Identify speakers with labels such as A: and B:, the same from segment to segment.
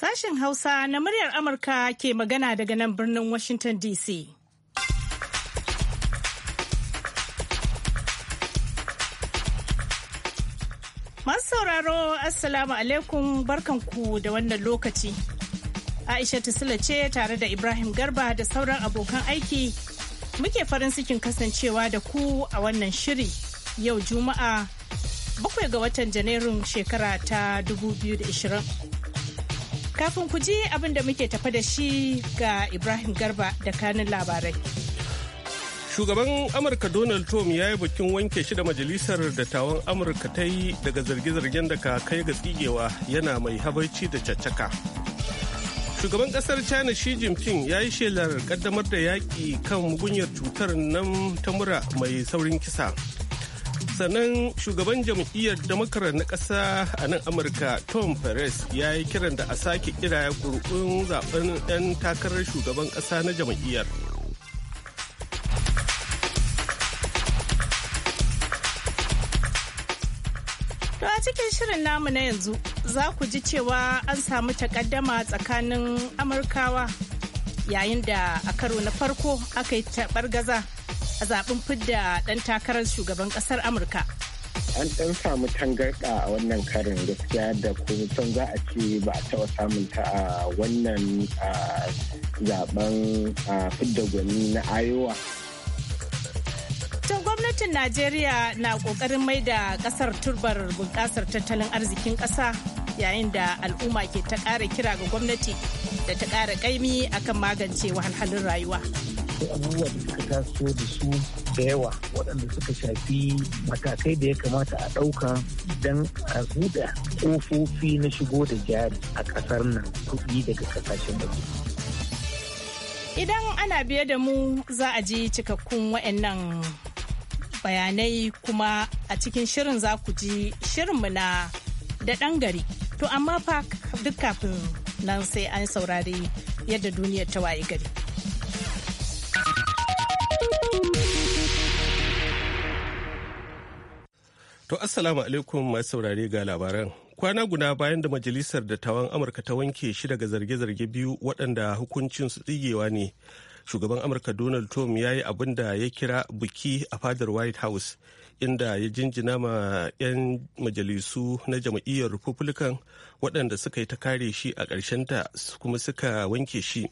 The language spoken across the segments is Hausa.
A: Sashen Hausa na muryar Amurka ke magana daga nan birnin Washington DC. Masu sauraro, Assalamu alaikum barkanku da wannan lokaci. Aisha Sula ce tare da Ibrahim Garba da sauran abokan aiki muke farin cikin kasancewa da ku a wannan shiri yau Juma'a bakwai ga watan janairun shekara ta 2020 kafin ku ji abin da muke tafa da shi ga ibrahim garba da kanin labarai
B: shugaban amurka donald trump ya yi bikin wanke shi da majalisar dattawan amurka ta yi daga zarge-zargen da ka kai ga tsigewa yana mai habarci da caccaka shugaban kasar china shi jinping ya yi shelar kaddamar da yaƙi kan mugunyar cutar nan ta mura mai saurin kisa sannan shugaban jam'iyyar damakarar na ƙasa a nan amurka tom perez ya yi kiran da a sake kiraya kurkun zaben 'yan takarar shugaban ƙasa na jam'iyyar
A: To a cikin shirin namu na yanzu za ku ji cewa an samu takaddama tsakanin Amurkawa yayin da a karo na farko aka yi taɓar gaza a zaben fidda ɗan takarar shugaban ƙasar Amurka.
C: an ɗan samu tangarɗa a wannan karin gaskiya da kusan za a ce ba a taɓa samun ta a wannan zaben fidda gwani na ayowa.
A: gwamnatin Najeriya na ƙoƙarin mai da ƙasar turbar bunƙasar tattalin arzikin ƙasa yayin da al'umma ke ta ƙara kira ga gwamnati da ta ƙara ƙaimi akan magance wahalhalun rayuwa.
D: akwai abubuwa da suka taso da su da yawa waɗanda suka shafi matakai da ya kamata a ɗauka don a buɗe ƙofofi na shigo da jari a ƙasar nan kuɗi daga ƙasashen waje.
A: Idan ana biye da mu za a ji cikakkun waɗannan bayanai kuma a cikin shirin za ku ji shirinmu na da ɗan gari. To amma fa duk kafin nan sai an saurari yadda duniyar ta waye gari.
B: To assalamu alaikum masu saurare ga labaran. Kwana guda bayan da majalisar dattawan Amurka ta wanke shi daga zarge-zarge biyu waɗanda hukuncin su tsigewa ne. Shugaban Amurka Donald Trump ya yi abin da ya kira buki a fadar White House inda ya jinjina ma 'yan majalisu na jam'iyyar Republican waɗanda suka yi ta kare shi a ta kuma suka wanke shi.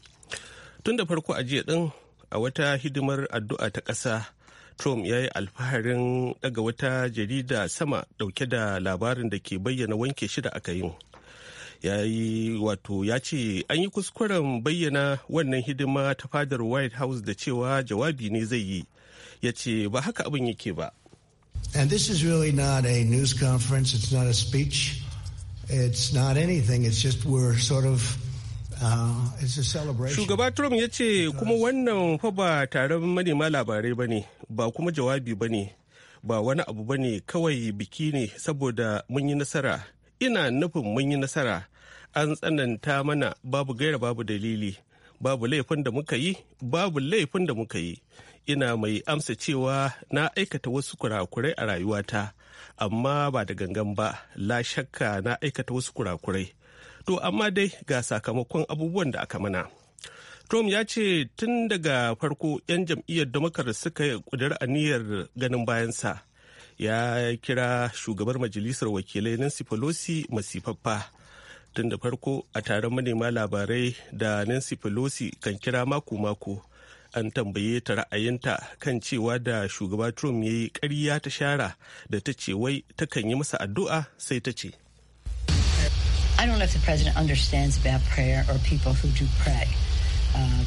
B: Tun da farko a jiya ɗin a wata hidimar addu'a ta ƙasa. Trump ya yi alfaharin daga wata jarida sama dauke da labarin da ke bayyana wanke shida da aka yi. Ya yi wato ya ce an yi kuskuren bayyana wannan hidima ta fadar White House da cewa jawabi ne zai yi. Ya ce ba haka abin yake ba.
E: And this
D: is really not a news conference, it's not a speech, it's not anything, it's just we're sort of Ah, Shugaba
B: Trump ya ce kuma wannan fa ba taron manema labarai ba ne, ba kuma jawabi ba ne, ba wani abu ba ne kawai biki ne saboda mun yi nasara. Ina nufin mun yi nasara, an tsananta mana babu gaira babu dalili, babu laifin da muka yi, babu laifin da muka yi. Ina mai amsa cewa na aikata wasu kurakurai a rayuwata, amma ba da gangan ba, la shakka na aikata wasu kurakurai. To amma dai ga sakamakon abubuwan da aka mana. Trump ya ce tun daga farko 'yan jam'iyyar damakar suka kudura aniyar ganin bayansa. Ya kira shugabar majalisar wakilai Nancy Pelosi masifaffa. Tun da farko a taron manema labarai da Nancy Pelosi kan kira mako-mako. an tambaye ta ra'ayinta kan cewa da shugaba trump ya yi ƙarya ta shara da ta ce wai ta kan yi masa addu'a sai ta ce
E: I don't know if the president
F: understands about prayer or people who do pray. Uh,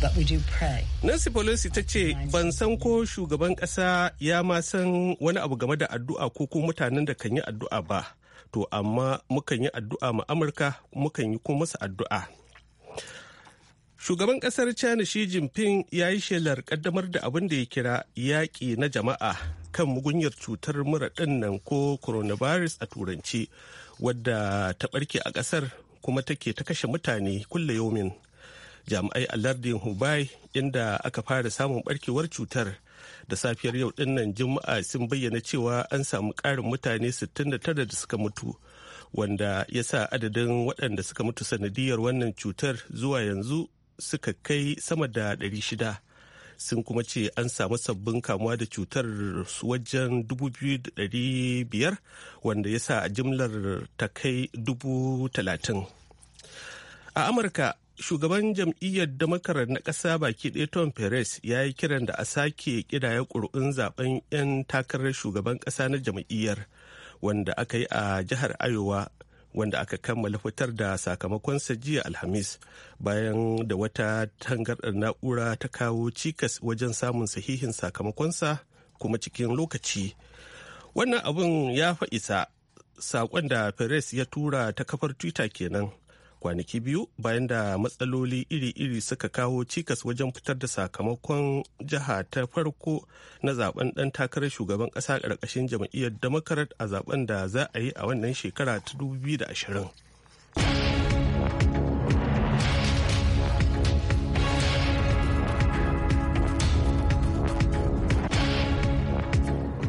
B: Nancy Pelosi ta ce ban san ko shugaban ƙasa ya ma san wani abu game da addu'a ko ko mutanen da kan yi addu'a ba. To amma mukan yi addu'a ma Amurka mukan yi ko masa addu'a. Shugaban ƙasar China Xi Jinping ya yi shelar kaddamar da abin da ya kira yaƙi na jama'a kan mugunyar cutar mura nan ko coronavirus a turanci wadda ta barke a kasar kuma take ta kashe mutane kulle yomin jami'ai a lardin hubai inda aka fara samun barkewar cutar da safiyar yau dinnan juma'a sun bayyana cewa an samu ƙarin mutane 69 da suka mutu wanda ya sa adadin waɗanda suka mutu sanadiyar wannan cutar zuwa yanzu suka kai sama da 600 sun kuma ce an samu sabbin kamuwa da cutar wajen 2,500 wanda ya sa a jimlar ta kai 30,000 a amurka shugaban jam'iyyar damakarar na ƙasa baki ɗaya tom peres ya yi kiran da a sake ƙidaya ƙuri'un zaben 'yan takarar shugaban ƙasa na jam'iyyar wanda aka yi a jihar ayowa wanda aka kammala fitar da sakamakonsa jiya alhamis bayan da wata tangarɗar na'ura ta kawo cikas wajen samun sahihin sakamakonsa kuma cikin lokaci wannan abun ya fa isa saƙon da perez ya tura ta kafar twitter kenan kwanaki biyu bayan da matsaloli iri-iri suka kawo cikas wajen fitar da sakamakon jiha ta farko na zaben dan takarar shugaban kasa karkashin jam'iyyar democrat a zaben da za a yi a wannan shekara ta 2020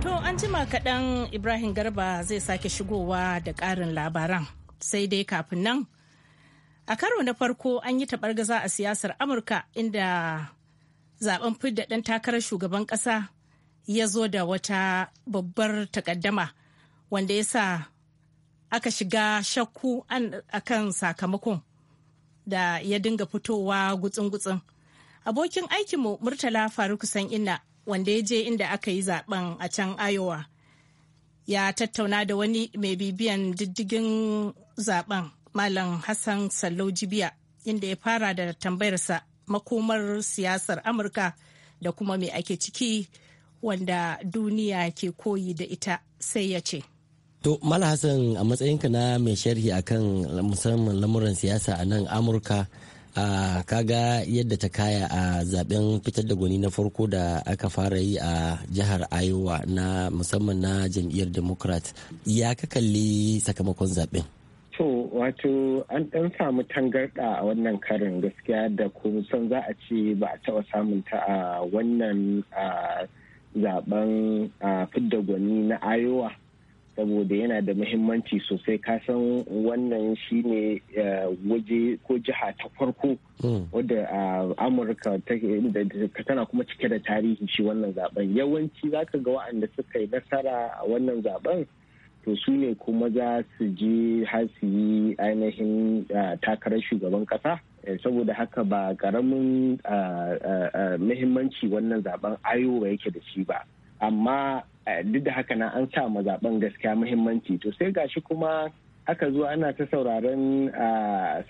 A: to anjima kaɗan ibrahim garba zai sake shigowa da ƙarin labaran sai dai kafin nan a karo na farko an yi gaza a siyasar amurka inda zaben fidda ɗan takarar shugaban ƙasa ya zo da wata babbar takaddama wanda ya sa aka shiga shakku akan sakamakon da ya dinga fitowa gutsun-gutsun abokin aikinmu murtala faruk san inna wanda ya je inda aka yi zaben a can ayowa ya tattauna da wani mai bibiyan diddigin zaben Malam Hassan Sallau Jibiya inda ya fara da tambayarsa makomar siyasar Amurka da kuma mai ake ciki wanda duniya ke koyi da ita sai ya ce.
F: To Mala Hassan a matsayinka na mai sharhi akan musamman lamuran siyasa a nan Amurka a kaga yadda ta kaya a zaben fitar da gwani na farko da aka fara yi a jihar Iowa na musamman na jam'iyyar Democrat
C: ya ka kalli sakamakon zaben. To wato an ɗan samu tangarɗa a wannan karin gaskiya da kusan za a ce ba a taɓa samun ta a wannan zaben fidda gwani na ayowa saboda yana da muhimmanci sosai kasan wannan shine waje ko jiha ta farko hmm. wadda amurka tana kuma cike da tarihi shi wannan zaben yawanci zaka ga wa'anda suka yi nasara a wannan zaben to su ne kuma za su je har su yi ainihin takarar shugaban kasa eh, saboda haka ba karamin muhimmanci wannan zaben ayowa yake da shi ba amma duk da haka na an sa zaben gaskiya muhimmanci to sai gashi kuma aka zo ana ta sauraron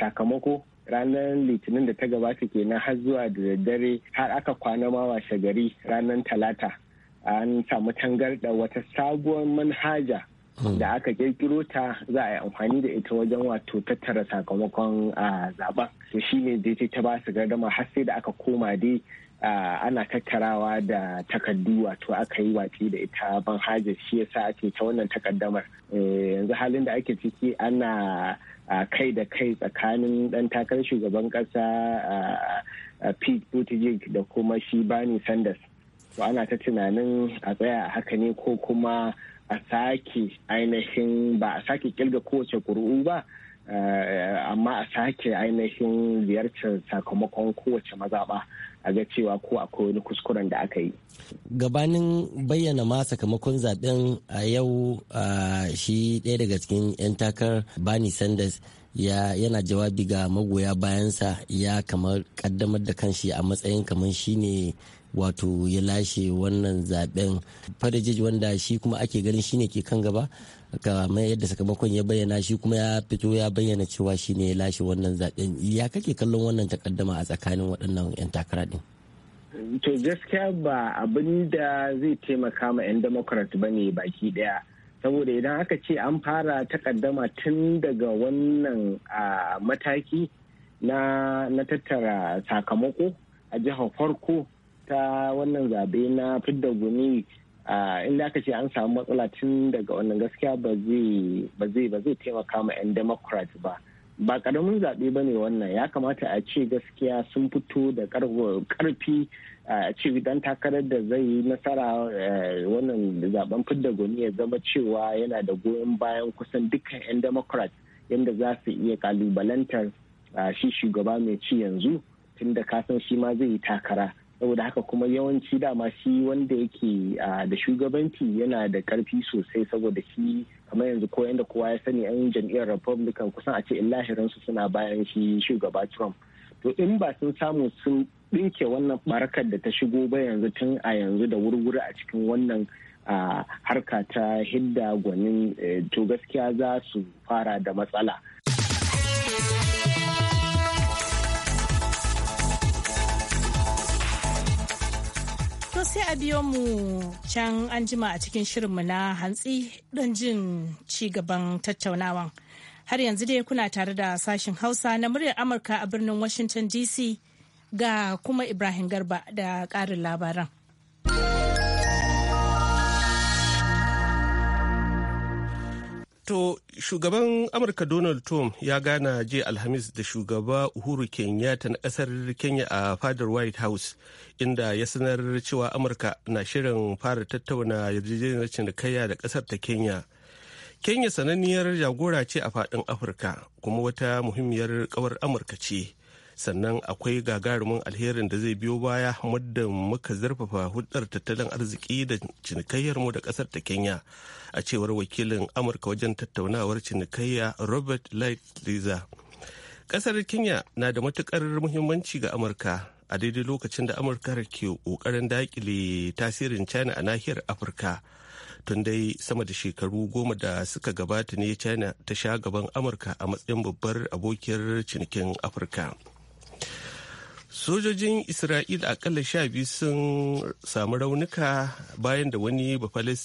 C: sakamako ranar litinin da ta gabata kenan har zuwa da daddare har aka kwana ma washe gari ranar talata an samu tangarɗa wata sabuwar manhaja Mm. da aka kirkiro ta za a yi amfani da ita wajen wato tattara sakamakon zaben to shine zai ta ba su gardama har sai da aka koma dai ana tattarawa da takardu wato aka yi watsi da ita ban banhajar shi yasa ake ta wannan takaddamar eh, yanzu halin da ake ciki ana kai da kai tsakanin dan takarar shugaban kasa pete buttigieg da kuma shi bani sanders to ana ta tunanin a tsaya haka ne ko kuma a sake ainihin ba a sake kirga kowace kuru'u ba eh, amma a sake ainihin ziyartar sakamakon kowace mazaɓa a ga cewa ko akwai wani kuskuren da aka yi.
F: gabanin bayyana ma sakamakon zaben a yau shi ɗaya daga cikin 'yan takar bani sanders ya yana jawabi ga magoya bayansa ya kamar kaddamar da kanshi a matsayin kamar shine wato ya lashe wannan zaben farajiji wanda shi kuma ake ganin shi ne ke kan gaba kamar yadda sakamakon ya bayyana shi kuma ya fito ya bayyana cewa shi ne ya lashe wannan zaben ya kake kallon wannan takaddama a tsakanin waɗannan 'yan takara din
C: to gaskiya ba abin da zai taimaka ma 'yan democrat ba ne baki daya saboda idan aka ce an fara takaddama tun daga wannan mataki na tattara sakamako a jihar farko ta wannan zabe na fidda gumi inda aka ce an samu matsala tun daga wannan gaskiya ba zai ba zai taimaka ma 'yan democrat ba ba karamin zaɓe ba ne wannan ya kamata a ce gaskiya sun fito da karfi a ce dan takarar da zai yi nasara wannan zaben fidda gumi ya zama cewa yana da goyon bayan kusan dukkan 'yan democrat yadda za su iya kalubalantar shi shugaba mai ci yanzu tun da kasan shi ma zai yi takara saboda haka kuma yawanci dama shi wanda yake da shugabanci yana da karfi sosai saboda shi kamar yanzu ko yanda kowa ya sani yan jam'iyyar republican kusan a ce su suna bayan shi shugaba trump to in ba sun samu sun ɗinke wannan barkar da ta shigo ba yanzu tun a yanzu da wurwuri a cikin wannan harka ta hidda gwanin eh, to gaskiya za su fara da matsala.
A: sai a biyo mu can an jima a cikin shirinmu na hantsi don jin ci gaban tattaunawan. Har yanzu dai kuna tare da sashin Hausa na muryar Amurka a birnin Washington DC ga kuma Ibrahim Garba da ƙarin labaran.
B: To shugaban Amurka Donald Trump ya gana je Alhamis da shugaba Uhuru Kenyatta na kasar Kenya a fadar White House inda ya sanar cewa Amurka na shirin fara tattauna yarjejeniyar cinikayya da kasar ta Kenya. Kenya sananniyar jagora ce a faɗin Afirka kuma wata muhimmiyar kawar Amurka ce. sannan akwai gagarumin alherin da zai biyo baya muddin muka zarfafa hudar tattalin arziki da cinikayyar mu da kasar ta kenya a cewar wakilin amurka wajen tattaunawar cinikayya robert liza kasar kenya na da matukar muhimmanci ga amurka a daidai lokacin da amurka ke kokarin dakile tasirin china a nahiyar afirka tun dai sama da shekaru goma da suka gabata ne china ta sha gaban amurka a matsayin babbar abokiyar cinikin afirka sojojin isra'ila akalla sha biyu sun samu raunuka bayan da wani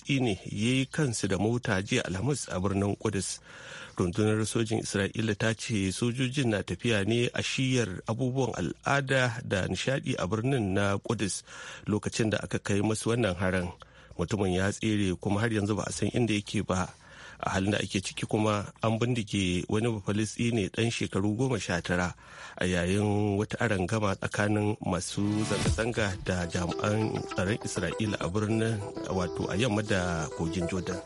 B: ne ya yi kansu da mota jiya alhamis a birnin kudus rundunar sojin isra'ila ta ce sojojin na tafiya ne a shiyar abubuwan al'ada da nishadi a birnin na kudus lokacin da aka kai masu wannan haran mutumin ya tsere kuma har yanzu ba a san inda yake ba a halin da ake ciki kuma an bindike wani ne dan shekaru goma sha tara a yayin wata arangama tsakanin masu zanga-zanga da jami'an tsaron isra'ila a birnin wato a yamma da kogin jordan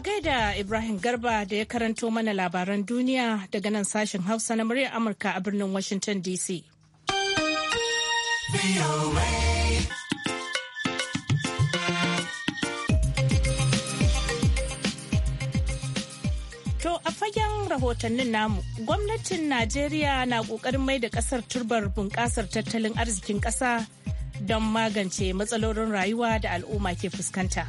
A: gaida Ibrahim Garba da ya karanto mana labaran duniya daga nan sashen Hausa na muryar Amurka a birnin Washington DC. To a fagen rahotannin namu, gwamnatin Najeriya na ƙoƙarin mai da ƙasar turbar bunƙasar tattalin arzikin ƙasa don magance matsalolin rayuwa da al'umma ke fuskanta.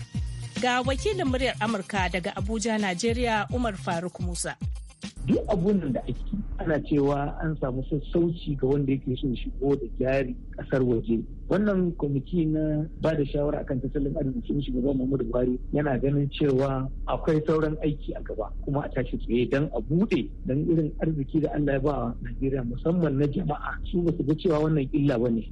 A: Ga wakilin muryar Amurka daga Abuja, Najeriya, Umar Faruk Musa.
D: Duk abun da ake ana cewa an samu sassauci ga wanda yake son shigo da jari kasar waje wannan kwamiti na ba da shawara akan tattalin arzikin shugaban muhammadu buhari yana ganin cewa akwai sauran aiki a gaba kuma a tashi tsaye don a bude don irin arziki da allah ya ba najeriya musamman na jama'a su ba su ga cewa wannan illa ba ne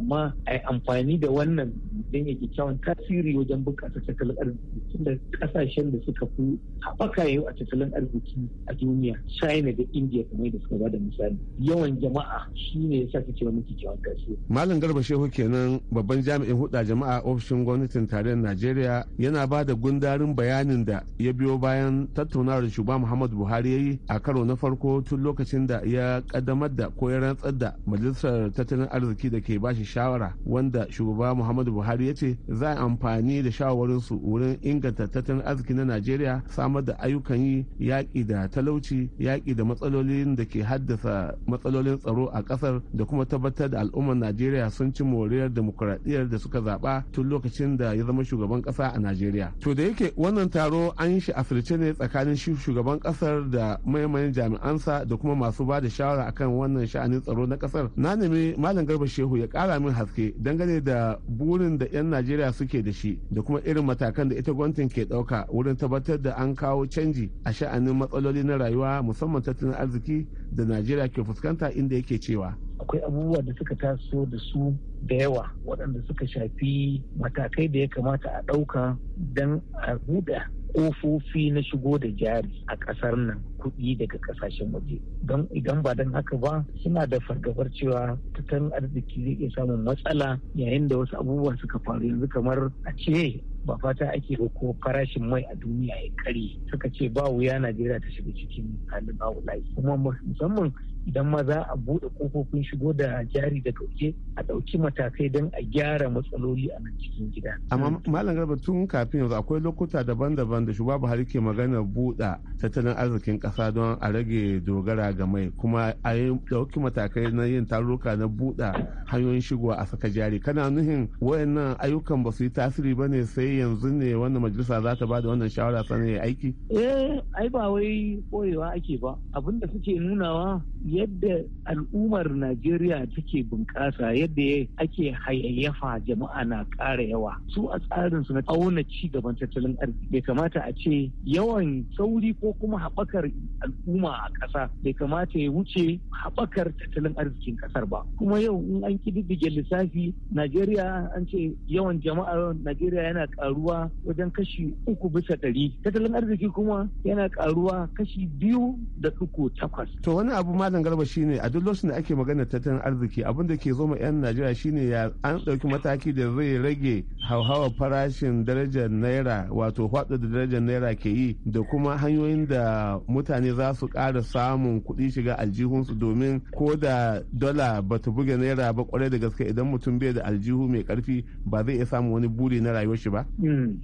D: amma a amfani da wannan don ya kyakkyawan tasiri wajen bunƙasa tattalin arziki tunda kasashen da suka fi haɓaka yau a tattalin arziki a duniya china da india kamar da suka ba da misali yawan jama'a shine ya sa cewa wani kyakkyawan tasiri
E: malam garba shehu ke kenan babban jami'in huda jama'a ofishin gwamnatin tarayyar najeriya yana ba da gundarin bayanin da ya biyo bayan tattaunawar shugaba muhammadu buhari ya yi a karo na farko tun lokacin da ya kaddamar da ko ya rantsar da majalisar tattalin arziki da ke bashi shawara wanda shugaba muhammadu buhari ya ce za a amfani da shawarinsu wurin inganta tattalin arziki na najeriya samar da ayyukan yi yaƙi da talauci yaƙi da matsalolin da ke haddasa matsalolin tsaro a ƙasar da kuma tabbatar da al'ummar najeriya sun ci more moriyar demokuraɗiyyar da suka zaɓa tun lokacin da ya zama shugaban ƙasa a Najeriya. To da yake wannan taro an yi shi a firce ne tsakanin shi shugaban ƙasar da maimayin jami'ansa da kuma masu ba da shawara akan wannan sha'anin tsaro na ƙasar. Na nemi Malam Garba Shehu ya ƙara min haske dangane da burin da 'yan Najeriya suke da shi da kuma irin matakan da ita gwamnatin ke ɗauka wurin tabbatar da an kawo canji a sha'anin matsaloli na rayuwa musamman tattalin arziki da Najeriya ke fuskanta inda yake cewa.
D: akwai abubuwa da suka taso da su da yawa waɗanda suka shafi matakai da ya kamata a ɗauka don a buɗe ƙofofi na shigo da jari a ƙasar nan kuɗi daga ƙasashen waje don idan ba don haka ba suna da fargabar cewa tattalin arziki zai iya samun matsala yayin da wasu abubuwa suka faru yanzu kamar a ce ba fata ake ko farashin mai a duniya ya kare suka ce ba wuya najeriya ta shiga cikin halin haulayi kuma musamman idan ma za a buɗe kofofin shigo da jari da ɗauke. a ɗauki matakai don a gyara matsaloli a nan cikin gida. amma
E: malam garba tun kafin yanzu akwai lokuta daban-daban da shugaba buhari ke magana buɗa tattalin arzikin ƙasa don a rage dogara ga mai kuma a yi ɗauki matakai na yin taruka na buɗa hanyoyin shigo a saka jari kana nuhin wayannan ayyukan ba su yi tasiri ba ne sai yanzu ne wannan majalisa za ta ba da wannan shawara sanar aiki.
D: eh ai ba wai koyewa ake ba abinda suke nunawa yadda al'ummar najeriya take bunƙasa yadda ake hayayyafa jama'a na ƙara yawa su a tsarin su na auna ci gaban tattalin arziki bai kamata a ce yawan sauri ko kuma haɓakar al'umma a ƙasa bai kamata ya wuce haɓakar tattalin arzikin ƙasar ba kuma yau in an kididdige lissafi najeriya an ce yawan jama'ar najeriya yana
E: ƙaruwa wajen kashi uku bisa ɗari tattalin arziki kuma yana ƙaruwa kashi biyu da uku takwas to wani abu malam malam garba shine a duk lokacin da ake magana tattalin arziki abin da ke zo ma 'yan najeriya shine ya an ɗauki mataki da zai rage hauhawa farashin darajar naira wato hwatsa da darajar naira ke yi da kuma hanyoyin da mutane za su ƙara samun kuɗi shiga aljihunsu domin ko da dola ba ta buge naira ba kwarai da gaske idan mutum bai da aljihu mai karfi ba zai iya samun wani buri na rayuwar shi ba.
D: Hmm.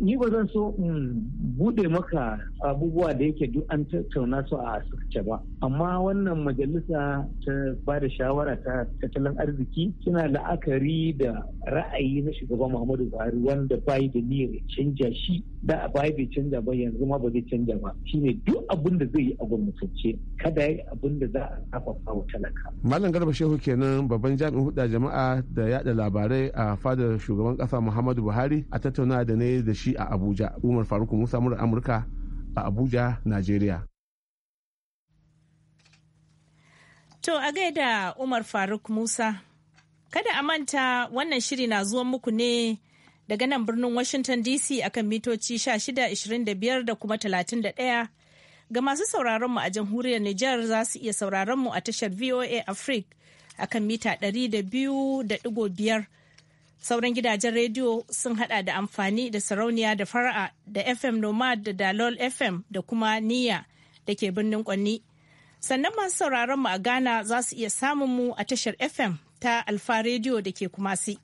D: ni ba zan so in bude maka abubuwa da yake duk an tattauna su a asirce ba amma wannan majalisa ta ba da shawara ta tattalin arziki suna la'akari da ra'ayi na shugaban muhammadu buhari wanda bai da niyyar canja shi da baya bai canja ba yanzu ma ba zai canja ba shine duk abin da zai yi a gwamnatance kada ya yi abin da za a kafafa wa talaka.
E: Malam Garba Shehu kenan babban jami'in hudda jama'a da yada labarai a fadar shugaban kasa Muhammadu Buhari a tattauna da ne da shi a Abuja. Umar Faruk Musa Mura Amurka a Abuja, nigeria.
A: To a gaida Umar Faruk Musa, kada a manta wannan shiri na zuwa muku ne daga nan birnin Washington DC akan mitoci 1625 da kuma 31. Ga masu sauraron mu a jamhuriyar Nijar za su iya sauraron mu a tashar VOA Africa akan mita 200.5. Sauran gidajen rediyo sun hada da amfani da sarauniya da fara'a da FM Nomad da Dalol FM da kuma niya da ke birnin Kwanni. Sannan masu sauraron mu a Ghana za su iya samun mu a tashar FM ta Alfa Radio da ke Kumasi.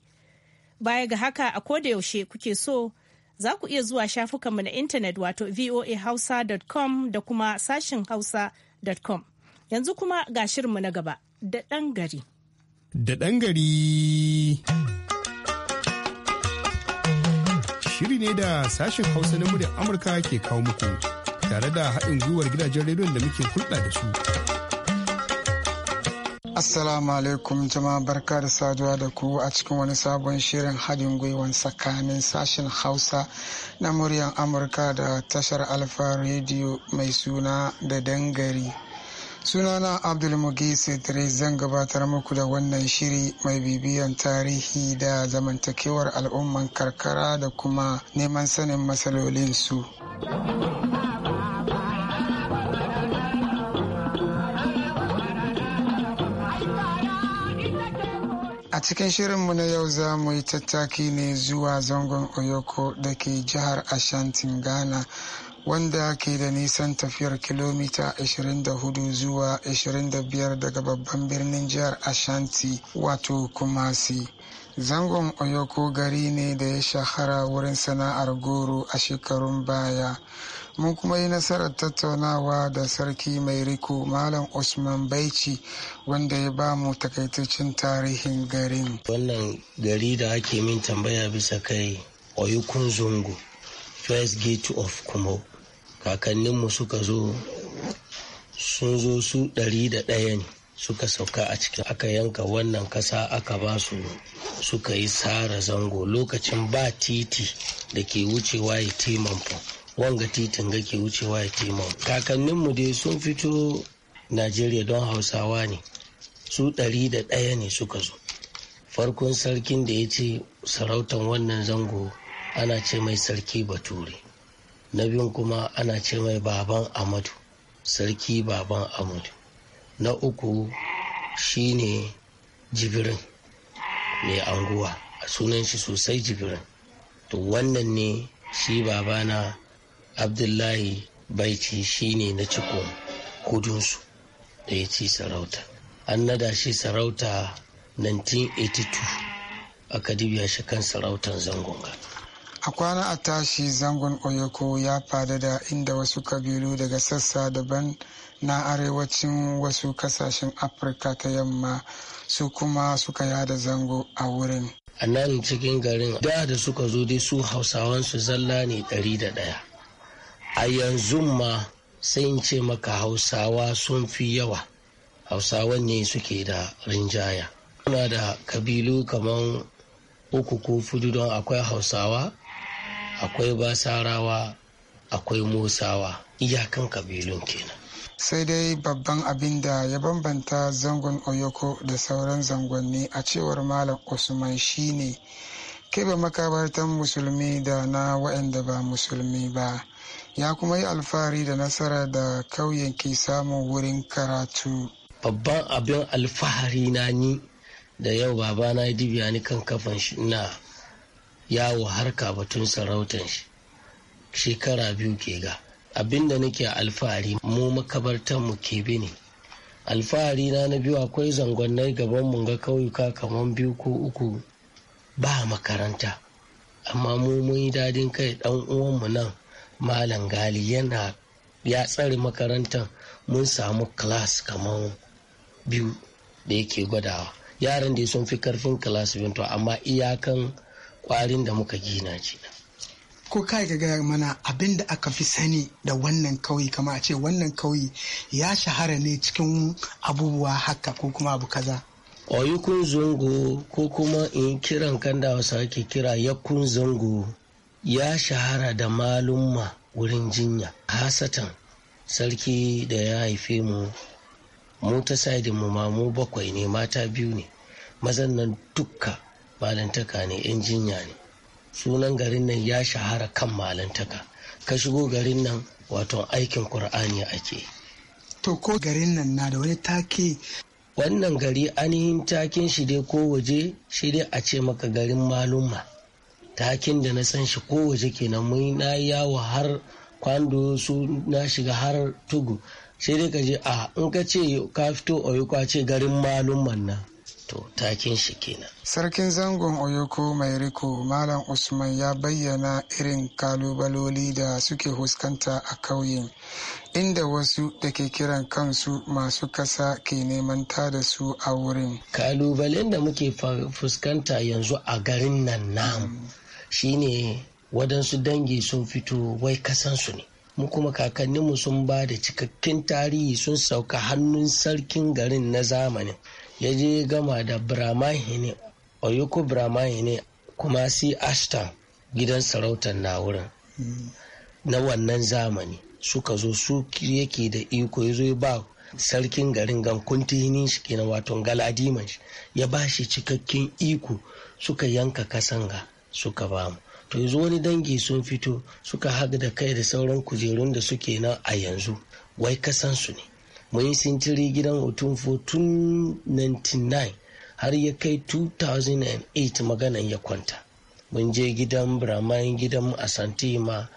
A: Baya ga haka a koda yaushe kuke so za ku iya zuwa shafukanmu na intanet wato voahausa.com da kuma sashin hausa.com. Yanzu kuma ga shirinmu na gaba da ɗan gari.
G: Da ɗan gari. Shiri ne da sashin hausa na muryar Amurka ke kawo muku tare da haɗin gwiwar
E: gidajen rediyon da muke hulɗa da su.
G: Assalamu alaikum jama'a barka da saduwa da ku a cikin wani sabon shirin haɗin gwiwan tsakanin sashen Hausa na muryar Amurka da tashar Alfa Radio mai suna da dangari. Sunana Abdulmugis Idris zan gabatar muku da wannan shiri mai bibiyan tarihi da zamantakewar al'umman karkara da kuma neman sanin matsalolinsu. A cikin shirinmu na yau za mu yi tattaki ne zuwa zangon Oyoko da ke jihar Ashantin Ghana wanda ke da nisan tafiyar kilomita 24 zuwa 25 daga babban birnin jihar Ashanti wato Kumasi. Zangon Oyoko gari ne da ya shahara wurin sana'ar goro a shekarun baya. mun kuma yi nasarar tattaunawa da sarki mai riko malam usman baici wanda ya ba mu takaitaccen
F: tarihin garin wannan gari da ake min tambaya bisa kai oyukun zungu first gate of kumo kakanninmu suka zo sun zo su ɗari da ɗaya ne suka sauka a cikin aka yanka wannan kasa aka ba su suka yi sara zango lokacin ba titi da ke wucewa ya taimaka. wanga titin ga ke wucewa ya taimau kakanninmu dai sun fito najeriya don hausawa ne su ɗari da ɗaya ne suka zo farkon sarkin da ya ce sarautan wannan zango ana ce mai sarki bature na biyun kuma ana ce mai baban amadu sarki baban amadu na uku shine jibirin mai anguwa a sunan shi sosai jibirin to wannan ne shi babana abdullahi baici shine na ciko kudinsu da ya ci sarauta an nada shi sarauta 1982 aka dubiya shi kan sarautar zangon
G: a kwana a tashi zangon oyoko ya fadada inda wasu kabilu daga sassa daban na arewacin wasu kasashen afirka ta yamma su
F: kuma suka yada zango a wurin a nan cikin garin da da suka zo dai su hausawan su zalla ne ɗari da ɗaya a yanzu ma sai in ce maka hausawa sun fi yawa Hausawa ne suke da rinjaya Kuna da kabilu kamar uku ko fudu don akwai hausawa akwai basarawa akwai musawa iyakan kabilun kenan
G: sai dai babban abin da ya bambanta zangon oyoko da sauran zangonni a cewar malam usman shine keɓe makabartan musulmi da na waɗanda ba musulmi ba ya kuma yi alfahari da nasara da
F: kauyen ke samun wurin karatu babban abin alfahari na ni da yau babana ya dibiya ni kan kafan shi na yawo harka batun sarautan shi shekara biyu ke ga abin da nake alfahari mu makabartan mu ke bi ne alfahari na na biyu akwai zangonnai gaban mun ga kauyuka kamar biyu ko uku ba makaranta amma mu mun yi dadin kai dan uwanmu nan malam gali yana ya tsare makarantar mun samu class kamar biyu da yake gwadawa yaran da sun fi karfin class to amma iyakan kwarin da muka gina ce
G: ko kai ga gaya mana abin da aka fi sani da wannan kauye kama a ce wannan kauye ya shahara ne cikin abubuwa haka ko kuma abu kaza
F: oyukun zungu ko kuma in kiran kan da wasu ake kira yakun zungu ya shahara da malumma wurin jinya hasatan sarki da ya haife mu mu ta mu ma mu bakwai ne mata biyu ne mazan nan dukka malantaka ne yan jinya ne sunan garin nan ya shahara kan malantaka ka shigo garin nan wato aikin kur'ani ake to ko garin nan na da wani take wannan gari ainihin takin shi dai ko waje shi dai a ce maka garin malumma takin da na san shi kowace kenan mai na yawo har kwando su na shiga har tugu sai dai ka je a in ka ce ka fito oyoko ce garin malum nan to takin shi kenan. Sarkin zangon Oyoko mai riko Malam Usman ya bayyana
G: irin kalubaloli da suke huskanta a kauyen inda wasu da ke kiran kansu masu kasa ke neman ta da su a wurin. Kalubalen
F: da muke fuskanta yanzu a garin nan namu. shine wadansu dangi sun fito wai kasansu ne mu kuma kakanninmu sun ba da cikakken tarihi sun sauka hannun sarkin garin na zamani ya je gama da bramahine oyoko ne kuma si ashton gidan sarautar na wurin na wannan zamani suka zo su yake da iko ya zo ya ba sarkin garin gankuntinin shi kenan wato galadiman shi ya ba shi cikakken iko suka yanka kasanga suka bamu to yanzu wani dangi sun fito suka haɗu da kai da sauran kujerun da suke nan a yanzu wai kasan su ne mun yi sintiri gidan otunfo tun 99 har ya kai 2008 maganan ya kwanta mun je gidan brahman gidan asanti ma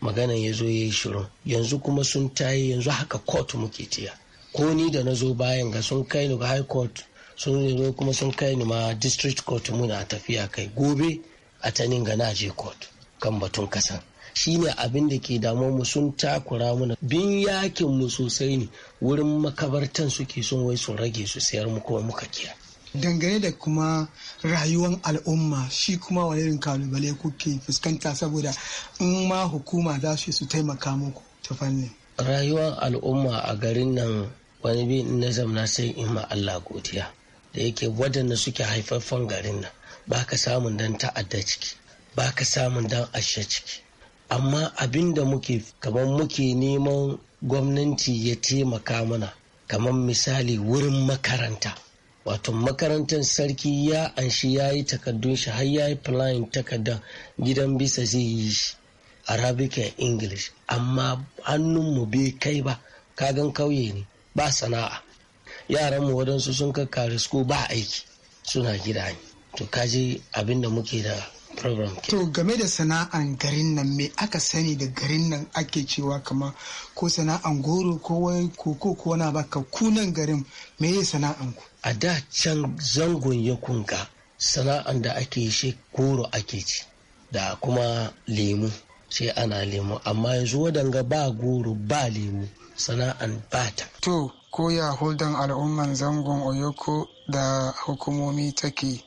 F: maganan ya zo ya yi shiru yanzu kuma sun tayi yanzu haka court muke tiya ko ni da na zo bayan ga sun kai ni high court sun zo kuma sun kai ni ma district court muna tafiya kai gobe a tanin ga na je court kan batun kasan shi ne abin da ke damu mu sun takura mana bin yakin mu sosai ne wurin makabartan suke sun wai sun rage su sayar mu kuma muka kiya
G: dangane da kuma rayuwar al'umma shi kuma wani kalubale kuke fuskanta saboda in ma hukuma za su su taimaka muku ta fannin
F: rayuwar al'umma a garin nan wani bi na zamna sai in ma Allah godiya da yake waɗanda suke haifaffen garin nan ba ka samun dan ta'adda ciki ba ka samun dan ashe ciki amma abin da muke kamar muke neman gwamnati ya taimaka mana kamar misali wurin makaranta wato makarantar sarki ya anshi ya yi takardun shi har ya yi plan takardar gidan bisa zai yi shi arabic and english amma hannunmu bai kai ba kagan kauye ne ba sana'a yaran mu wadansu sun kakkare su ba aiki suna gida ne to kaji abin da muke da program to game da sana'an
G: garin nan me aka sani da garin nan ake cewa kama ko sana'an goro ko
F: wai koko ko wani baka kunan garin me ya sana'an ku a da can zangon ya kunka sana'an da ake shi goro ake ci da kuma lemu sai ana lemu amma yanzu wadanga ba goro ba lemu sana'an bata to koya huldan al'umman zangon oyoko da
G: hukumomi take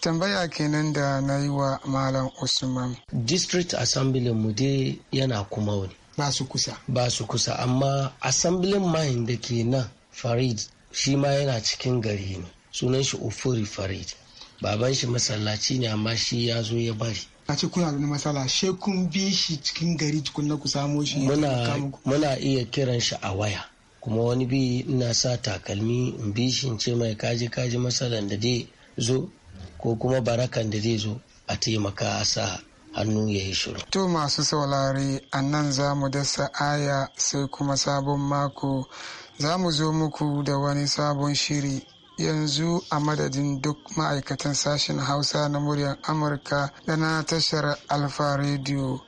G: tambaya kenan da na yi wa malam usman district
F: assembly mu dai yana kuma wani ba su kusa ba su kusa amma assembly mind da ke nan farid shi ma yana cikin gari ne sunan shi ofori farid baban shi masallaci ne amma shi ya zo ya bari a ce kuna da matsala
G: shekun cikin gari tukun na ku samo shi muna
F: iya kiran shi a waya kuma wani bi ina sa takalmi in bi ce mai kaji kaji masalan da zai zo ko kuma barakan da zai zo a taimaka a sa hannu ya yi shiru.
G: To masu saurari a nan za mu dasa aya sai kuma sabon mako za mu zo muku da wani sabon shiri yanzu a madadin duk ma'aikatan sashen hausa na muryar amurka da na tashar alfa radio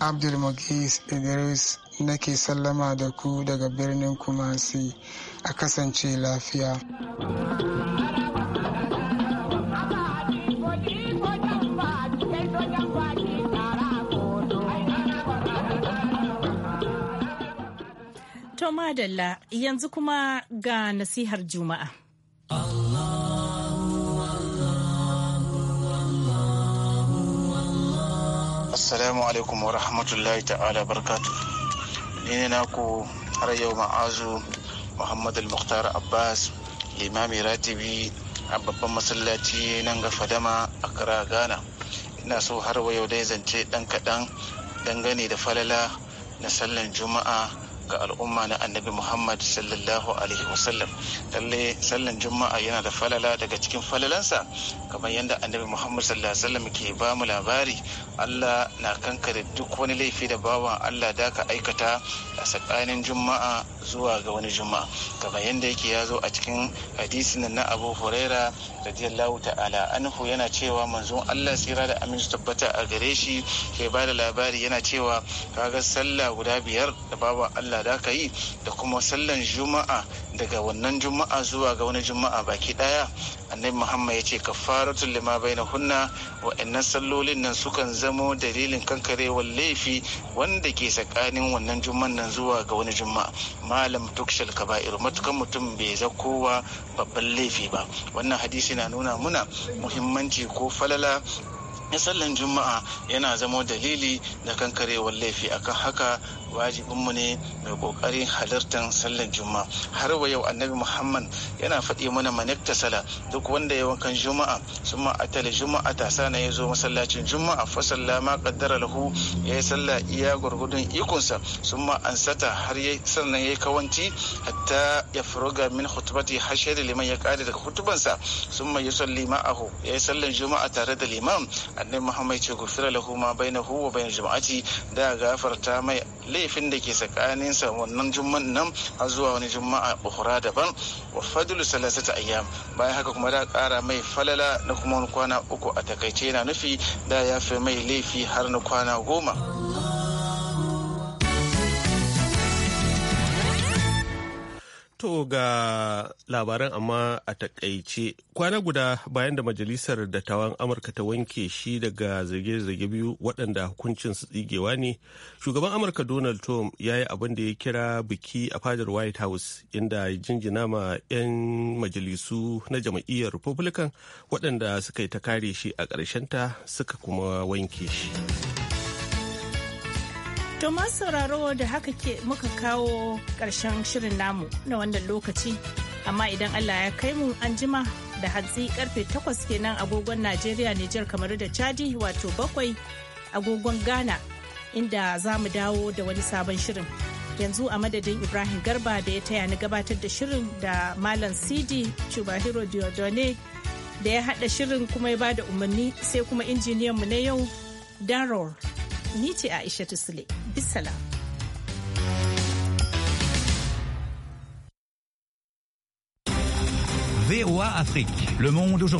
G: abdulmagis idris nake sallama da ku daga birnin Kumasi a kasance lafiya.
A: To madalla yanzu kuma ga nasihar Juma'a.
H: Assalamu alaikum wa rahmatullahi ta'ala barkatu. ni ne naku har yau ma'azu muhammad al-mukhtar abbas limami ratibi a babban masallaci nan ga fadama a kara ghana ina so har wa yau dai zance dan kaɗan dangane da falala na sallan juma'a ga al'umma na annabi muhammad sallallahu alaihi wasallam lalle sallan juma'a yana da falala daga cikin falalansa kamar yadda annabi muhammad sallallahu alaihi wasallam ke ba mu labari allah na kankare duk wani laifi da bawan allah da ka aikata a tsakanin juma'a zuwa ga wani juma'a kamar yadda yake ya zo a cikin hadisin na abu huraira radiyallahu ta'ala anhu yana cewa manzon allah sira da aminsu tabbata a gare shi ke ba da labari yana cewa kaga sallah guda biyar da baba allah da ka yi da kuma sallan juma'a daga wannan juma'a zuwa ga wani juma'a baki daya annabi muhammad ya ce kafaratul lima baina hunna wa'annan sallolin nan sukan zamo dalilin kankarewar laifi wanda ke tsakanin wannan juma'an nan zuwa ga wani juma'a malam tukshal kaba'ir matukan mutum bai zakowa babban laifi ba wannan hadisi na nuna muna muhimmanci ko falala na sallan juma'a yana zama dalili da kankarewar laifi akan haka wajibinmu ne mai kokarin halartar sallar juma'a har wa yau annabi muhammad yana faɗi mana manekta sala duk wanda ya wankan juma'a sun ma'atala juma'a ta sana ya zo masallacin juma'a fasalla ma kaddara lahu ya yi sallah iya gwargwadon ikonsa sun ma an sata har ya sannan ya yi kawanci hatta ya furuga min hutubati har liman ya kare daga hutubansa sun ma yusalli ma'ahu ya yi sallar juma'a tare da liman annabi muhammad ce gufira lahu ma bainahu wa bain jama'ati da gafarta mai laifin da ke tsakanin sa wannan juma'an nan har zuwa wani juma'a ukhra daban wa fadlu salasata ayyam bayan haka kuma da kara mai falala na kuma wani kwana uku a takaice yana nufi da ya fi mai laifi har na kwana goma.
B: To ga labaran amma a takaice kwana guda bayan da majalisar dattawan Amurka ta wanke shi daga zage-zage biyu waɗanda hukuncin su tsigewa ne, shugaban Amurka Donald Trump ya yi abin da ya kira biki a fadar White House inda ya jinjina ma 'yan majalisu na jam'iyyar Republican waɗanda suka yi ta kare shi a ta suka kuma wanke shi.
A: To masu sauraro da haka ke muka kawo ƙarshen shirin namu na wannan lokaci. Amma idan Allah ya kai mu an jima da hatsi karfe takwas kenan agogon Najeriya Nijar kamar da Chadi wato bakwai agogon Ghana inda za mu dawo da wani sabon shirin. Yanzu a madadin Ibrahim Garba da ya taya ni gabatar da shirin da Malam Sidi Chubahiro Diodone da ya haɗa shirin kuma ya bada umarni sai kuma injiniyan mu na yau Darrow. Ni ce Aisha Sule.
D: VOA Afrique. Le monde aujourd'hui.